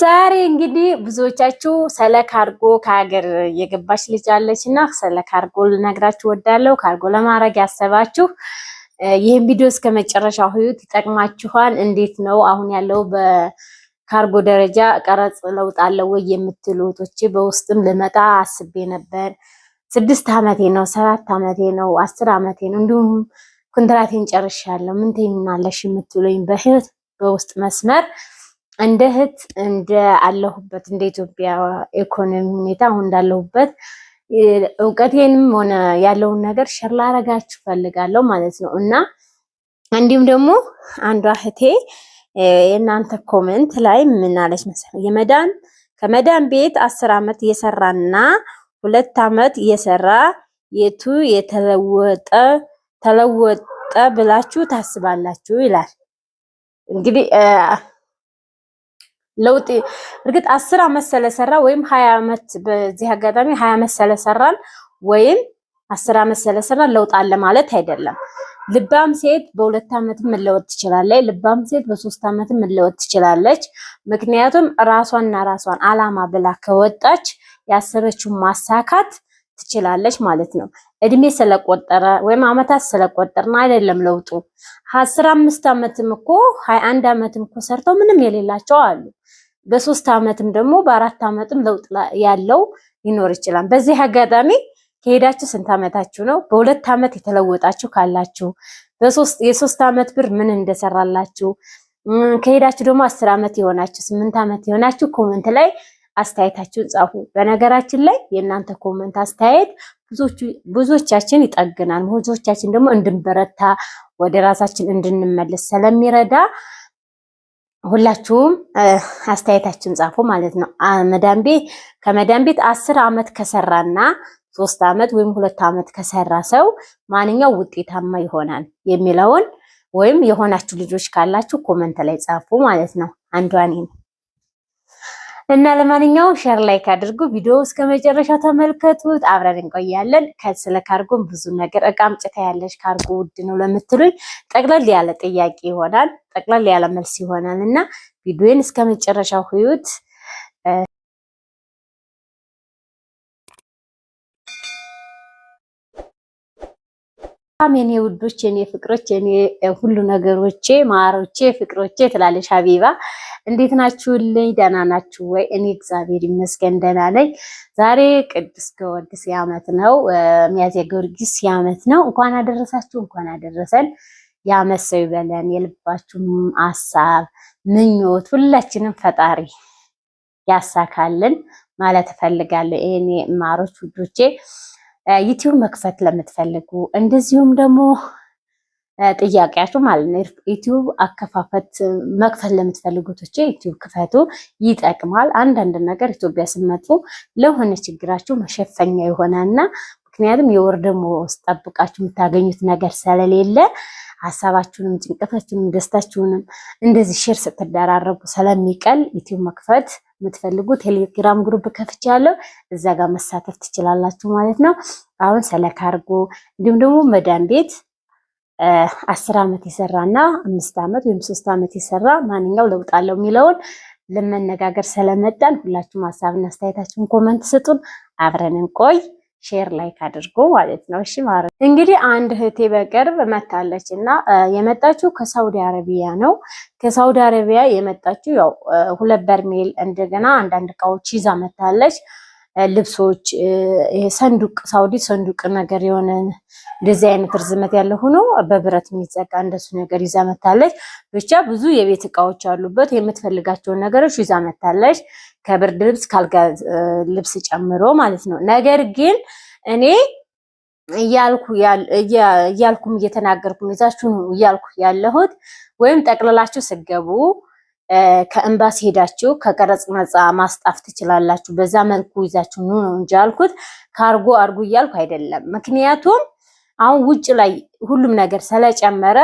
ዛሬ እንግዲህ ብዙዎቻችሁ ስለ ካርጎ ከሀገር የገባች ልጅ አለች እና ስለ ካርጎ ልነግራችሁ ወዳለው ካርጎ ለማድረግ ያሰባችሁ ይህን ቪዲዮ እስከ መጨረሻ ህይወት ይጠቅማችኋል። እንዴት ነው አሁን ያለው በካርጎ ደረጃ ቀረጽ ለውጥ አለው ወይ የምትሉ እህቶቼ በውስጥም ልመጣ አስቤ ነበር። ስድስት ዓመቴ ነው፣ ሰባት ዓመቴ ነው፣ አስር ዓመቴ ነው እንዲሁም ኩንትራቴን ጨርሻለሁ ምን ትይኛለሽ የምትሉኝ በህይወት በውስጥ መስመር እንደ እህት እንደ አለሁበት እንደ ኢትዮጵያ ኢኮኖሚ ሁኔታ አሁን እንዳለሁበት እውቀቴንም ሆነ ያለውን ነገር ሸር ላረጋችሁ ፈልጋለሁ ማለት ነው እና እንዲሁም ደግሞ አንዷ እህቴ የእናንተ ኮመንት ላይ ምን አለች መሰለኝ የመዳን ከመዳን ቤት አስር ዓመት የሰራና ሁለት አመት የሰራ የቱ የተለወጠ ተለወጠ ብላችሁ ታስባላችሁ? ይላል እንግዲህ ለውጥ እርግጥ አስር አመት ስለሰራ ወይም ሀያ አመት በዚህ አጋጣሚ ሀያ አመት ስለሰራን ወይም አስር አመት ስለሰራ ለውጥ አለ ማለት አይደለም። ልባም ሴት በሁለት አመት መለወጥ ትችላለች። ልባም ሴት በሶስት አመት መለወጥ ትችላለች። ምክንያቱም ራሷንና ራሷን አላማ ብላ ከወጣች ያሰበችውን ማሳካት ትችላለች ማለት ነው። እድሜ ስለቆጠረ ወይም አመታት ስለቆጠርን አይደለም ለውጡ። አስራ አምስት አመትም እኮ ሀያ አንድ አመትም እኮ ሰርተው ምንም የሌላቸው አሉ። በሶስት አመትም ደግሞ በአራት አመትም ለውጥ ያለው ሊኖር ይችላል። በዚህ አጋጣሚ ከሄዳችሁ ስንት አመታችሁ ነው? በሁለት አመት የተለወጣችሁ ካላችሁ የሶስት አመት ብር ምን እንደሰራላችሁ ከሄዳችሁ ደግሞ አስር አመት የሆናችሁ ስምንት አመት የሆናችሁ ኮመንት ላይ አስተያየታችሁን ጻፉ። በነገራችን ላይ የእናንተ ኮመንት አስተያየት ብዙዎቻችን ይጠግናል፣ ብዙዎቻችን ደግሞ እንድንበረታ ወደ ራሳችን እንድንመለስ ስለሚረዳ ሁላችሁም አስተያየታችን ጻፉ ማለት ነው። መዳም ቤት ከመዳም ቤት አስር አመት ከሰራና ሶስት አመት ወይም ሁለት አመት ከሰራ ሰው ማንኛው ውጤታማ ይሆናል የሚለውን ወይም የሆናችሁ ልጆች ካላችሁ ኮመንት ላይ ጻፉ ማለት ነው። አንዷ እኔ እና ለማንኛውም ሸር ላይክ አድርጉ። ቪዲዮ እስከ መጨረሻ ተመልከቱት፣ አብረን እንቆያለን። ስለ ካርጎን ብዙ ነገር እቃም ጭታ ያለሽ ካርጎ ውድ ነው ለምትሉኝ ጠቅለል ያለ ጥያቄ ይሆናል፣ ጠቅለል ያለ መልስ ይሆናል እና ቪዲዮን እስከ መጨረሻው ሁዩት። በጣም የኔ ውዶች፣ የኔ ፍቅሮች፣ የኔ ሁሉ ነገሮቼ፣ ማሮቼ፣ ፍቅሮቼ ትላለሽ ሀቢባ። እንዴት ናችሁልኝ? ደህና ናችሁ ወይ? እኔ እግዚአብሔር ይመስገን ደህና ነኝ። ዛሬ ቅዱስ ጊዮርጊስ የዓመት ነው፣ ሚያዝያ ጊዮርጊስ የዓመት ነው። እንኳን አደረሳችሁ፣ እንኳን አደረሰን። የዓመት ሰው ይበለን። የልባችሁም ሀሳብ ምኞት ሁላችንም ፈጣሪ ያሳካልን ማለት እፈልጋለሁ። ይሄኔ ማሮች ውዶቼ ዩቲዩብ መክፈት ለምትፈልጉ እንደዚሁም ደግሞ ጥያቄያችሁ ማለት ነው ዩቲዩብ አከፋፈት መክፈት ለምትፈልጉቶች ዩቲዩብ ክፈቱ፣ ይጠቅማል። አንዳንድ ነገር ኢትዮጵያ ስመጡ ለሆነ ችግራችሁ መሸፈኛ እና ምክንያቱም የወር ደሞዝ ጠብቃችሁ የምታገኙት ነገር ስለሌለ ሀሳባችሁንም ጭንቀታችሁንም ደስታችሁንም እንደዚህ ሼር ስትደራረጉ ስለሚቀል ዩቲዩብ መክፈት የምትፈልጉ ቴሌግራም ግሩፕ ከፍቻለሁ። እዛ ጋር መሳተፍ ትችላላችሁ ማለት ነው። አሁን ስለ ካርጎ እንዲሁም ደግሞ መዳን ቤት አስር ዓመት የሰራ እና አምስት ዓመት ወይም ሶስት ዓመት የሰራ ማንኛው ለውጥ አለው የሚለውን ለመነጋገር ስለመጣን ሁላችሁም ሀሳብና አስተያየታችሁን ኮመንት ስጡን። አብረን እንቆይ። ሼር ላይክ አድርጎ ማለት ነው። እሺ ማለት እንግዲህ አንድ እህቴ በቅርብ መታለች እና የመጣችው ከሳውዲ አረቢያ ነው። ከሳውዲ አረቢያ የመጣችው ያው ሁለት በርሜል እንደገና አንዳንድ እቃዎች ይዛ መታለች። ልብሶች፣ ሰንዱቅ ሳውዲ ሰንዱቅ ነገር የሆነ እንደዚህ አይነት ርዝመት ያለ ሆኖ በብረት የሚዘጋ እንደሱ ነገር ይዛ መታለች። ብቻ ብዙ የቤት እቃዎች አሉበት። የምትፈልጋቸውን ነገሮች ይዛ መታለች። ከብርድ ልብስ ካልጋ ልብስ ጨምሮ ማለት ነው። ነገር ግን እኔ እያልኩ እያልኩም እየተናገርኩም ይዛችሁን እያልኩ ያለሁት ወይም ጠቅልላችሁ ስገቡ ከኤምባሲ ሄዳችሁ ከቀረጽ ነፃ ማስጣፍ ትችላላችሁ። በዛ መልኩ ይዛችሁ ኑ ነው እንጂ ያልኩት ካርጎ አርጉ እያልኩ አይደለም። ምክንያቱም አሁን ውጭ ላይ ሁሉም ነገር ስለጨመረ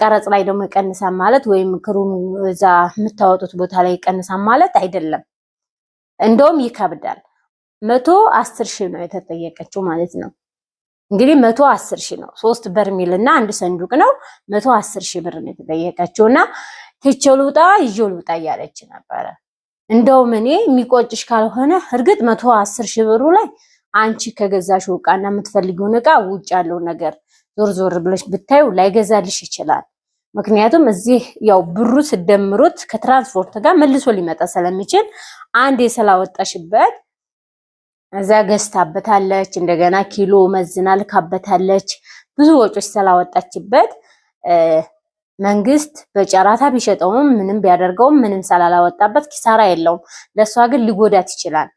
ቀረጽ ላይ ደግሞ ይቀንሳል ማለት ወይም ክሩን እዛ የምታወጡት ቦታ ላይ ይቀንሳል ማለት አይደለም። እንደውም ይከብዳል። መቶ አስር ሺህ ነው የተጠየቀችው ማለት ነው። እንግዲህ መቶ አስር ሺህ ነው ሶስት በርሚል እና አንድ ሰንዱቅ ነው። መቶ አስር ሺህ ብር ነው የተጠየቀችው እና ትቼው ልውጣ ይዤው ልውጣ እያለች ነበረ። እንደውም እኔ የሚቆጭሽ ካልሆነ እርግጥ መቶ አስር ሺህ ብሩ ላይ አንቺ ከገዛሽው ዕቃና የምትፈልጊውን እቃ ውጭ ያለው ነገር ዞር ዞር ብለሽ ብታዩ ላይገዛልሽ ይችላል። ምክንያቱም እዚህ ያው ብሩ ስደምሩት ከትራንስፖርት ጋር መልሶ ሊመጣ ስለሚችል አንድ ስላወጣሽበት እዛ ገዝታበታለች፣ እንደገና ኪሎ መዝና ልካበታለች። ብዙ ወጮች ስላወጣችበት መንግስት በጨራታ ቢሸጠውም ምንም ቢያደርገውም ምንም ስላላወጣበት ኪሳራ የለውም። ለእሷ ግን ሊጎዳት ይችላል።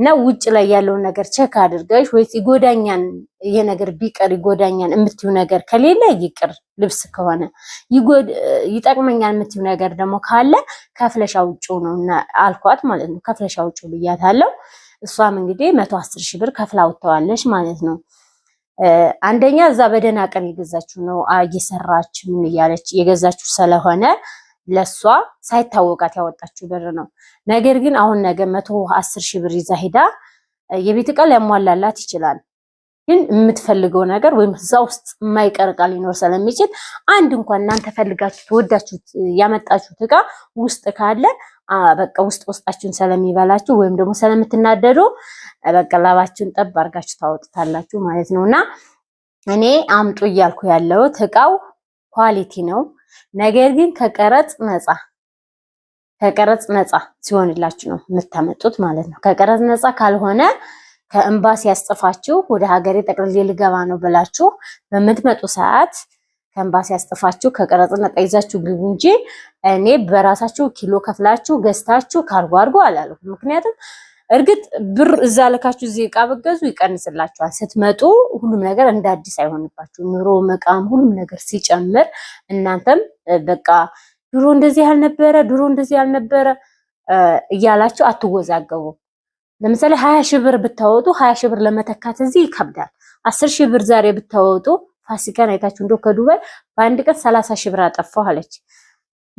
እና ውጭ ላይ ያለውን ነገር ቸክ አድርገሽ ወይስ ይጎዳኛን ይሄ ነገር ቢቀር ይጎዳኛን የምትዩ ነገር ከሌለ ይቅር፣ ልብስ ከሆነ ይጠቅመኛል የምትዩ ነገር ደግሞ ካለ ከፍለሻ ውጭ ነው አልኳት ማለት ነው። ከፍለሻ ውጭ ብያታለሁ። እሷም እንግዲህ መቶ አስር ሺህ ብር ከፍላ አውጥተዋለች ማለት ነው። አንደኛ እዛ በደህና ቀን የገዛችው ነው እየሰራች ምን እያለች የገዛችው ስለሆነ ለሷ ሳይታወቃት ያወጣችው ብር ነው። ነገር ግን አሁን ነገ መቶ አስር ሺህ ብር ይዛ ሄዳ የቤት ዕቃ ሊያሟላላት ይችላል። ግን የምትፈልገው ነገር ወይም እዛ ውስጥ የማይቀር ዕቃ ሊኖር ስለሚችል አንድ እንኳን እናንተ ፈልጋችሁ ተወዳችሁት ያመጣችሁት ዕቃ ውስጥ ካለ በቃ ውስጥ ውስጣችሁን ስለሚበላችሁ ወይም ደግሞ ስለምትናደዱ በቃ ላባችሁን ጠብ አድርጋችሁ ታወጡታላችሁ ማለት ነው እና እኔ አምጡ እያልኩ ያለሁት ዕቃው ኳሊቲ ነው። ነገር ግን ከቀረጽ ነፃ ከቀረጽ ነፃ ሲሆንላችሁ ነው የምታመጡት ማለት ነው። ከቀረጽ ነፃ ካልሆነ ከኤምባሲ ያስጥፋችሁ ወደ ሀገሬ ጠቅልዬ ልገባ ነው ብላችሁ በምትመጡ ሰዓት ከኤምባሲ ያስጥፋችሁ ከቀረጽ ነፃ ይዛችሁ ግቡ እንጂ እኔ በራሳችሁ ኪሎ ከፍላችሁ ገዝታችሁ ካርጎ አድርጎ ምክንያቱም እርግጥ ብር እዛ ልካችሁ እዚህ እቃ በገዙ ይቀንስላችኋል። ስትመጡ ሁሉም ነገር እንደ አዲስ አይሆንባችሁ። ኑሮ መቃም ሁሉም ነገር ሲጨምር እናንተም በቃ ድሮ እንደዚህ ያልነበረ ድሮ እንደዚህ ያልነበረ እያላችሁ አትወዛገቡ። ለምሳሌ ሀያ ሺህ ብር ብታወጡ ሀያ ሺህ ብር ለመተካት እዚህ ይከብዳል። አስር ሺህ ብር ዛሬ ብታወጡ ፋሲካን አይታችሁ እንደው ከዱባይ በአንድ ቀን ሰላሳ ሺህ ብር አጠፋሁ አለች።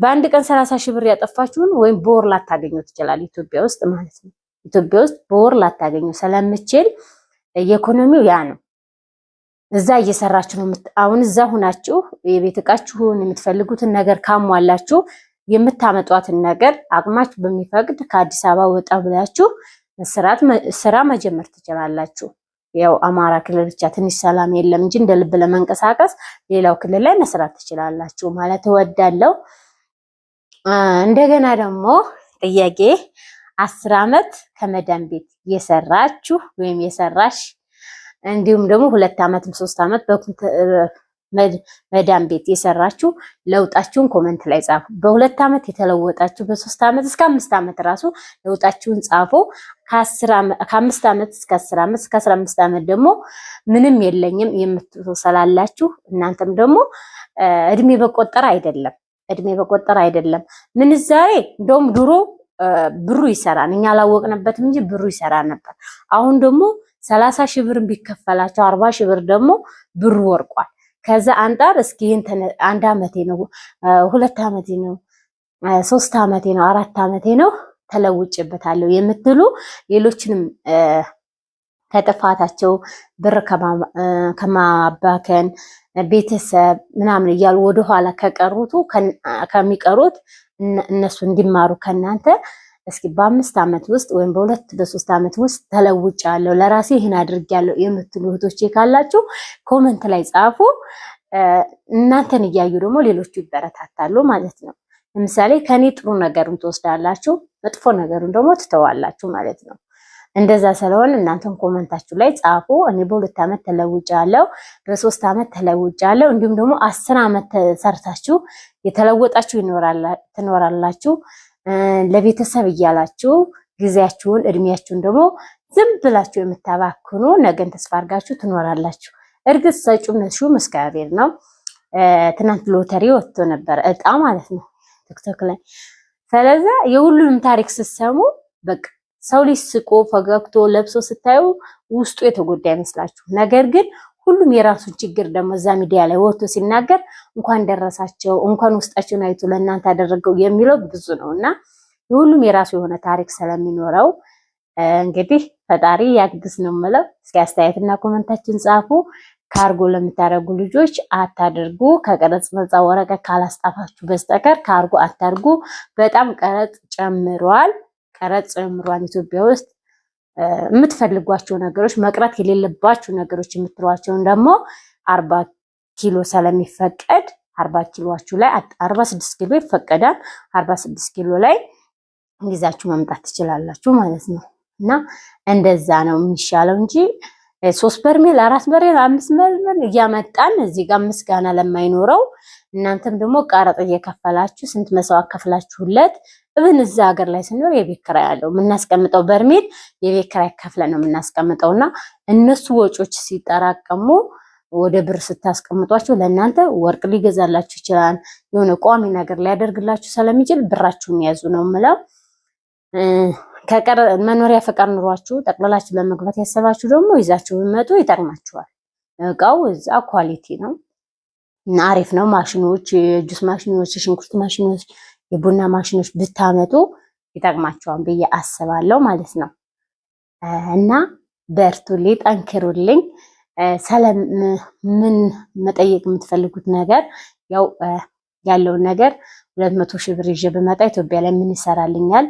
በአንድ ቀን ሰላሳ ሺህ ብር ያጠፋችሁን ወይም በወር ላታገኘው ትችላል ኢትዮጵያ ውስጥ ማለት ነው። ኢትዮጵያ ውስጥ በወር ላታገኙ ስለምችል የኢኮኖሚው ያ ነው። እዛ እየሰራችሁ ነው። አሁን እዛ ሁናችሁ የቤት እቃችሁን የምትፈልጉትን ነገር ካሟላችሁ የምታመጧትን ነገር አቅማችሁ በሚፈቅድ ከአዲስ አበባ ወጣ ብላችሁ ስራ መጀመር ትችላላችሁ። ያው አማራ ክልል ብቻ ትንሽ ሰላም የለም እንጂ እንደ ልብ ለመንቀሳቀስ ሌላው ክልል ላይ መስራት ትችላላችሁ ማለት እወዳለሁ። እንደገና ደግሞ ጥያቄ አስር አመት ከመዳን ቤት የሰራችሁ ወይም የሰራሽ እንዲሁም ደግሞ ሁለት አመትም ሶስት አመት መዳን ቤት የሰራችሁ ለውጣችሁን ኮመንት ላይ ጻፉ። በሁለት አመት የተለወጣችሁ በሶስት አመት እስከ አምስት አመት ራሱ ለውጣችሁን ጻፉ። ከአምስት አመት እስከ አስር አመት እስከ አስራ አምስት አመት ደግሞ ምንም የለኝም የምትሰላላችሁ እናንተም ደግሞ እድሜ በቆጠር አይደለም እድሜ በቆጠር አይደለም ምንዛሬ እንደውም ድሮ ብሩ ይሰራን እኛ አላወቅንበትም እንጂ ብሩ ይሰራ ነበር። አሁን ደግሞ ሰላሳ ሺህ ብር ቢከፈላቸው አርባ ሺህ ብር ደግሞ ብሩ ወርቋል። ከዛ አንጣር እስኪ ይህን አንድ አመቴ ነው ሁለት አመቴ ነው ሶስት አመቴ ነው አራት አመቴ ነው ተለውጭበታለሁ የምትሉ ሌሎችንም ከጥፋታቸው ብር ከማባከን ቤተሰብ ምናምን እያሉ ወደኋላ ከቀሩቱ ከሚቀሩት እነሱ እንዲማሩ ከእናንተ እስኪ በአምስት ዓመት ውስጥ ወይም በሁለት በሶስት ዓመት ውስጥ ተለውጫለሁ፣ ለራሴ ይህን አድርጌያለሁ የምትሉ እህቶቼ ካላችሁ ኮመንት ላይ ጻፉ። እናንተን እያዩ ደግሞ ሌሎቹ ይበረታታሉ ማለት ነው። ለምሳሌ ከኔ ጥሩ ነገሩን ትወስዳላችሁ፣ መጥፎ ነገሩን ደግሞ ትተዋላችሁ ማለት ነው። እንደዛ ስለሆነ እናንተን ኮመንታችሁ ላይ ጻፉ። እኔ በሁለት ዓመት ተለውጫለሁ፣ በሶስት ዓመት ተለውጫለሁ፣ እንዲሁም ደግሞ አስር ዓመት ሰርታችሁ የተለወጣችሁ ትኖራላችሁ። ለቤተሰብ እያላችሁ ጊዜያችሁን እድሜያችሁን ደግሞ ዝም ብላችሁ የምታባክኑ ነገን ተስፋ አድርጋችሁ ትኖራላችሁ። እርግጥ ሰጩ ነሹ እግዚአብሔር ነው። ትናንት ሎተሪ ወጥቶ ነበረ እጣ ማለት ነው ቲክቶክ ላይ። ስለዚ የሁሉንም ታሪክ ስትሰሙ በቃ ሰው ልጅ ስቆ ፈገግቶ ለብሶ ስታዩ ውስጡ የተጎዳ አይመስላችሁ። ነገር ግን ሁሉም የራሱን ችግር ደግሞ እዛ ሚዲያ ላይ ወጥቶ ሲናገር እንኳን ደረሳቸው እንኳን ውስጣቸውን አይቶ ለእናንተ ያደረገው የሚለው ብዙ ነው እና ሁሉም የራሱ የሆነ ታሪክ ስለሚኖረው እንግዲህ ፈጣሪ ያግዝ ነው የምለው። እስኪ አስተያየትና ኮመንታችን ጻፉ። ካርጎ ለምታደርጉ ልጆች አታደርጉ። ከቀረጽ ነፃ ወረቀት ካላስጣፋችሁ በስተቀር ካርጎ አታድርጉ። በጣም ቀረጽ ጨምሯል። ቀረጥ ጨምሯል ኢትዮጵያ ውስጥ። የምትፈልጓቸው ነገሮች መቅረት የሌለባቸው ነገሮች የምትሏቸውን ደግሞ አርባ ኪሎ ስለሚፈቀድ አርባ ኪሎችሁ ላይ አርባ ስድስት ኪሎ ይፈቀዳል። አርባ ስድስት ኪሎ ላይ ይዛችሁ መምጣት ትችላላችሁ ማለት ነው እና እንደዛ ነው የሚሻለው እንጂ ሶስት በርሜል አራት በርሜል አምስት በርሜል እያመጣን እዚህ ጋር ምስጋና ለማይኖረው እናንተም ደግሞ ቀረጥ እየከፈላችሁ ስንት መስዋዕት ከፍላችሁለት እብን እዛ ሀገር ላይ ስንኖር የቤት ኪራይ ያለው የምናስቀምጠው በርሜል የቤት ኪራይ ከፍለ ነው የምናስቀምጠው እና እነሱ ወጮች ሲጠራቀሙ ወደ ብር ስታስቀምጧቸው ለእናንተ ወርቅ ሊገዛላችሁ ይችላል። የሆነ ቋሚ ነገር ሊያደርግላችሁ ስለሚችል ብራችሁን ያዙ ነው ምለው። መኖሪያ ፈቃድ ኑሯችሁ ጠቅላላችሁ ለመግባት ያሰባችሁ ደግሞ ይዛችሁ ብመጡ ይጠቅማችኋል። እቃው እዛ ኳሊቲ ነው እና አሪፍ ነው። ማሽኖች፣ የጁስ ማሽኖች፣ የሽንኩርት ማሽኖች፣ የቡና ማሽኖች ብታመጡ ይጠቅማቸዋል ብዬ አስባለሁ ማለት ነው። እና በርቱልኝ፣ ጠንክሩልኝ። ሰለም ምን መጠየቅ የምትፈልጉት ነገር ያው ያለውን ነገር ሁለት መቶ ሺህ ብር ይዤ ብመጣ ኢትዮጵያ ላይ ምን ይሰራልኛል?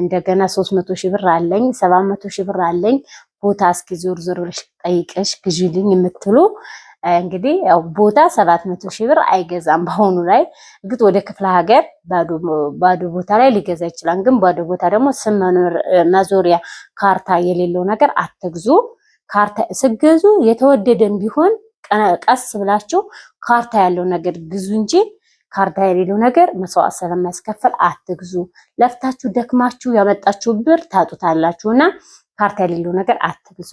እንደገና ሶስት መቶ ሺህ ብር አለኝ፣ ሰባት መቶ ሺህ ብር አለኝ ቦታ እስኪ ዞር ዞር ብለሽ ጠይቀሽ ግዢልኝ የምትሉ እንግዲህ ያው ቦታ ሰባት መቶ ሺህ ብር አይገዛም። በአሁኑ ላይ እግት ወደ ክፍለ ሀገር ባዶ ቦታ ላይ ሊገዛ ይችላል። ግን ባዶ ቦታ ደግሞ ስም መዞሪያ ካርታ የሌለው ነገር አትግዙ። ካርታ ስገዙ የተወደደን ቢሆን ቀስ ብላችሁ ካርታ ያለው ነገር ግዙ እንጂ ካርታ የሌለው ነገር መስዋዕት ስለማያስከፍል አትግዙ። ለፍታችሁ ደክማችሁ ያመጣችሁ ብር ታጡታላችሁ እና ካርታ የሌለው ነገር አትግዙ።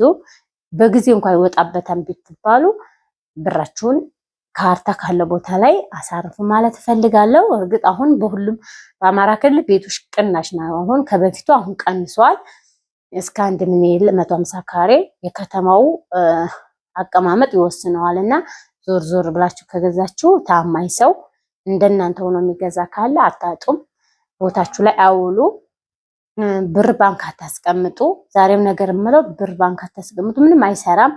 በጊዜ እንኳ ይወጣበታል ብትባሉ ብራችሁን ካርታ ካለ ቦታ ላይ አሳርፉ ማለት እፈልጋለሁ። እርግጥ አሁን በሁሉም በአማራ ክልል ቤቶች ቅናሽ ነው። አሁን ከበፊቱ አሁን ቀንሰዋል። እስከ አንድ ሚሊዮን መቶ አምሳ ካሬ የከተማው አቀማመጥ ይወስነዋል እና ዞር ዞር ብላችሁ ከገዛችሁ ታማኝ ሰው እንደናንተ ሆኖ የሚገዛ ካለ አታጡም። ቦታችሁ ላይ አውሉ። ብር ባንክ አታስቀምጡ። ዛሬም ነገር የምለው ብር ባንክ አታስቀምጡ፣ ምንም አይሰራም።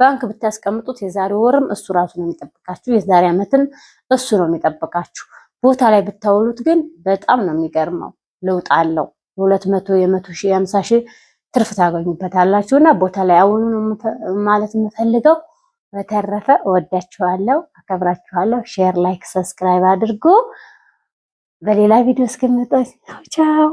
ባንክ ብታስቀምጡት የዛሬ ወርም እሱ ራሱ ነው የሚጠብቃችሁ፣ የዛሬ ዓመትም እሱ ነው የሚጠብቃችሁ። ቦታ ላይ ብታውሉት ግን በጣም ነው የሚገርመው፣ ለውጥ አለው። ሁለት መቶ የመቶ ሺህ የአምሳ ሺህ ትርፍ ታገኙበታላችሁ። እና ቦታ ላይ አውሉ ነው ማለት የምፈልገው። በተረፈ እወዳችኋለሁ፣ አከብራችኋለሁ። ሼር፣ ላይክ፣ ሰብስክራይብ አድርጉ። በሌላ ቪዲዮ እስክንመጣ ቻው።